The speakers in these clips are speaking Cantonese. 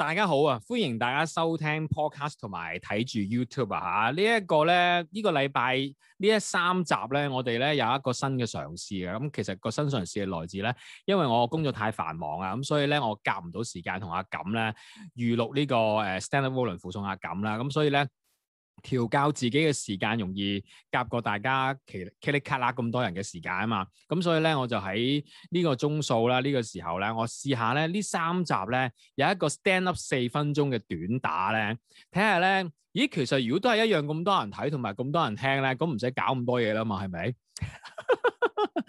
大家好啊！歡迎大家收聽 podcast 同埋睇住 YouTube 啊！這個、呢一、這個咧，呢個禮拜呢一三集咧，我哋咧有一個新嘅嘗試啊！咁、嗯、其實個新嘗試係來自咧，因為我工作太繁忙啊，咁、嗯、所以咧我夾唔到時間同阿錦咧預錄呢個誒 stand-up 4 mins 附送阿錦啦，咁、嗯、所以咧。調教自己嘅時間容易夾過大家其 k a l 咁多人嘅時間啊嘛，咁所以咧我就喺呢個鐘數啦，呢、呢個時候咧，我試下咧呢三集咧有一個 stand up 四分鐘嘅短打咧，睇下咧，咦，其實如果都係一樣咁多人睇同埋咁多人聽咧，咁唔使搞咁多嘢啦嘛，係咪？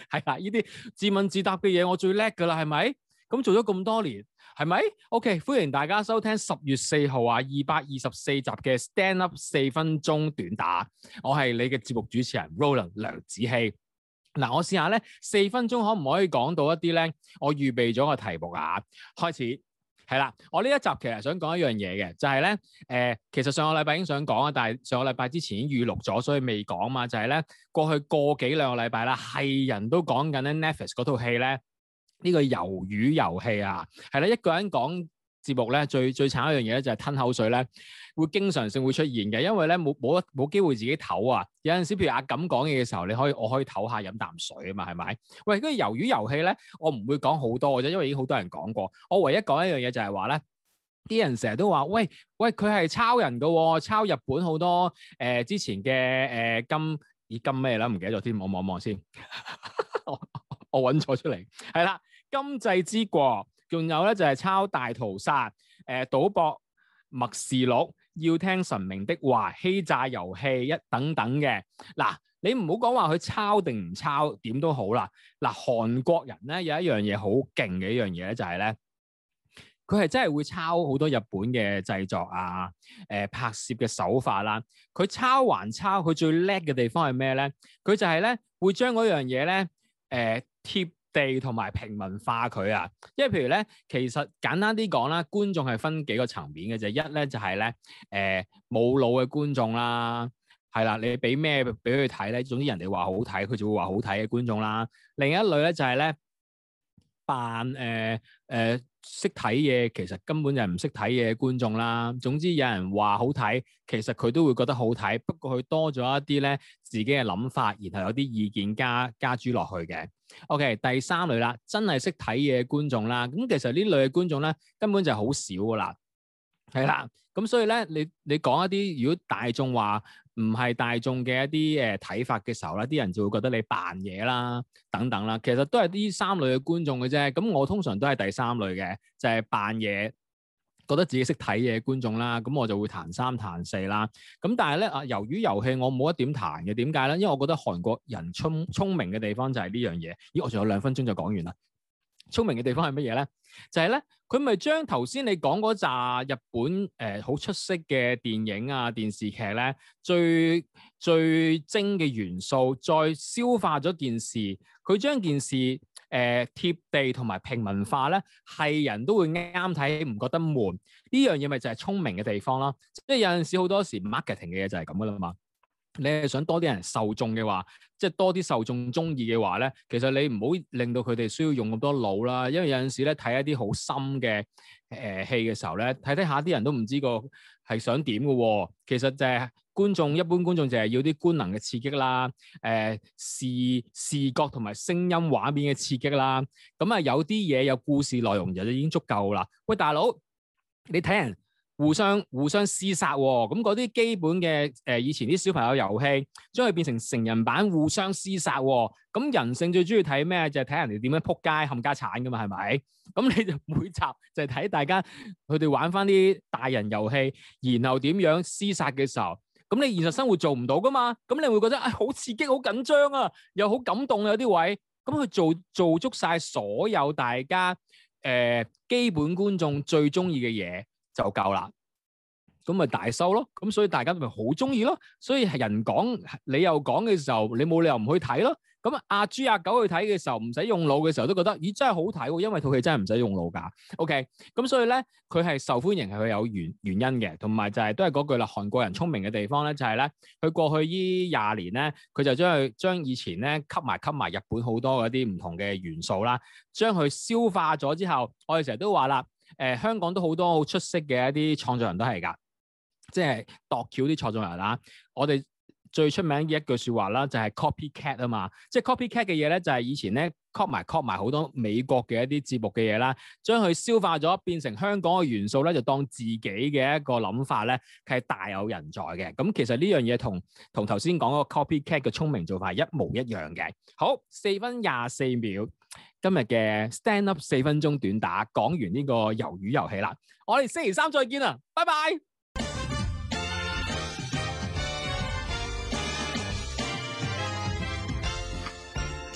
係 啊，呢啲自問自答嘅嘢我最叻噶啦，係咪？咁做咗咁多年，係咪？OK，歡迎大家收聽十月四號啊，二百二十四集嘅 Stand Up 四分鐘短打，我係你嘅節目主持人 Roland 梁子希。嗱、啊，我試下咧，四分鐘可唔可以講到一啲咧？我預備咗個題目啊，開始係啦。我呢一集其實想講一樣嘢嘅，就係、是、咧，誒、呃，其實上個禮拜已經想講啊，但係上個禮拜之前已經預錄咗，所以未講嘛。就係、是、咧，過去個幾兩個禮拜啦，係人都講緊咧 Netflix 嗰套戲咧。呢個魷魚遊戲啊，係啦，一個人講節目咧，最最慘一樣嘢咧就係吞口水咧，會經常性會出現嘅，因為咧冇冇冇機會自己唞啊，有陣時譬如阿錦講嘢嘅時候，你可以我可以唞下飲啖水啊嘛，係咪？喂，跟住魷魚遊戲咧，我唔會講好多嘅啫，因為已經好多人講過。我唯一講一樣嘢就係話咧，啲人成日都話，喂喂佢係抄人噶，抄日本好多誒之前嘅誒金以金咩啦，唔記得咗添，我望一望先，我我揾咗出嚟，係啦。今際之國仲有咧就係抄大屠殺，誒賭博、默示錄、要聽神明的話、欺詐遊戲一等等嘅。嗱，你唔好講話佢抄定唔抄，點都好啦。嗱，韓國人咧有一樣嘢好勁嘅一樣嘢咧，就係、是、咧，佢係真係會抄好多日本嘅製作啊，誒、呃、拍攝嘅手法啦、啊。佢抄還抄，佢最叻嘅地方係咩咧？佢就係咧會將嗰樣嘢咧誒貼地同埋平民化佢啊，因為譬如咧，其實簡單啲講啦，觀眾係分幾個層面嘅啫，一咧就係、是、咧，誒、呃、冇腦嘅觀眾啦，係啦，你俾咩俾佢睇咧，總之人哋話好睇，佢就會話好睇嘅觀眾啦。另一類咧就係、是、咧，扮誒誒。呃呃識睇嘢，其實根本就唔識睇嘢嘅觀眾啦。總之有人話好睇，其實佢都會覺得好睇，不過佢多咗一啲咧自己嘅諗法，然後有啲意見加加注落去嘅。OK，第三類啦，真係識睇嘢嘅觀眾啦。咁其實呢類嘅觀眾咧，根本就好少噶啦。係啦，咁所以咧，你你講一啲如果大眾話唔係大眾嘅一啲誒睇法嘅時候咧，啲人就會覺得你扮嘢啦、等等啦，其實都係啲三類嘅觀眾嘅啫。咁我通常都係第三類嘅，就係扮嘢，覺得自己識睇嘢觀眾啦。咁我就會彈三彈四啦。咁但係咧啊，由於遊戲我冇得點彈嘅，點解咧？因為我覺得韓國人聰聰明嘅地方就係呢樣嘢。咦，我仲有兩分鐘就講完啦。聰明嘅地方係乜嘢咧？就係、是、咧，佢咪將頭先你講嗰紮日本誒好、呃、出色嘅電影啊、電視劇咧，最最精嘅元素再消化咗件事，佢將件事誒貼地同埋平民化咧，係人都會啱睇，唔覺得悶。呢樣嘢咪就係聰明嘅地方囉。即係有陣時好多時 marketing 嘅嘢就係咁噶啦嘛。你係想多啲人受眾嘅話，即係多啲受眾中意嘅話咧，其實你唔好令到佢哋需要用咁多腦啦，因為有陣時咧睇一啲好深嘅誒戲嘅時候咧，睇睇下啲人都唔知個係想點嘅、哦。其實就係觀眾，一般觀眾就係要啲官能嘅刺激啦，誒、呃、視視覺同埋聲音畫面嘅刺激啦。咁啊有啲嘢有故事內容就已經足夠啦。喂，大佬，你睇人。互相互相廝殺、哦，咁嗰啲基本嘅誒、呃，以前啲小朋友遊戲，將佢變成成人版互相廝殺、哦，咁人性最中意睇咩？就係、係、睇人哋點樣扑街冚家鏟噶嘛，係咪？咁你就每集就係睇大家佢哋玩翻啲大人遊戲，然後點樣廝殺嘅時候，咁你現實生活做唔到噶嘛？咁你會覺得啊、哎，好刺激，好緊張啊，又好感動啊，有啲位，咁佢做做足晒所有大家誒、呃、基本觀眾最中意嘅嘢。就夠啦，咁咪大收咯，咁所以大家咪好中意咯。所以係人講，你又講嘅時候，你冇理由唔去睇咯。咁啊，阿豬阿狗去睇嘅時候，唔使用腦嘅時候，都覺得咦真係好睇喎，因為套戲真係唔使用腦噶。OK，咁所以咧，佢係受歡迎，係佢有原原因嘅，同埋就係都係嗰句啦。韓國人聰明嘅地方咧，就係咧，佢過去依廿年咧，佢就將佢將以前咧吸埋吸埋日本好多嗰啲唔同嘅元素啦，將佢消化咗之後，我哋成日都話啦。誒、呃、香港都好多好出色嘅一啲創作人都係㗎，即係度橋啲創作人啦、啊，我哋。最出名嘅一句説話啦，就係 copycat 啊嘛，即係 copycat 嘅嘢咧，就係以前咧 copy 埋 copy 埋好多美國嘅一啲節目嘅嘢啦，將佢消化咗變成香港嘅元素咧，就當自己嘅一個諗法咧，係大有人在嘅。咁、嗯、其實呢樣嘢同同頭先講嗰個 copycat 嘅聰明做法係一模一樣嘅。好，四分廿四秒，今日嘅 stand up 四分鐘短打講完呢個魷魚遊戲啦，我哋星期三再見啊，拜拜。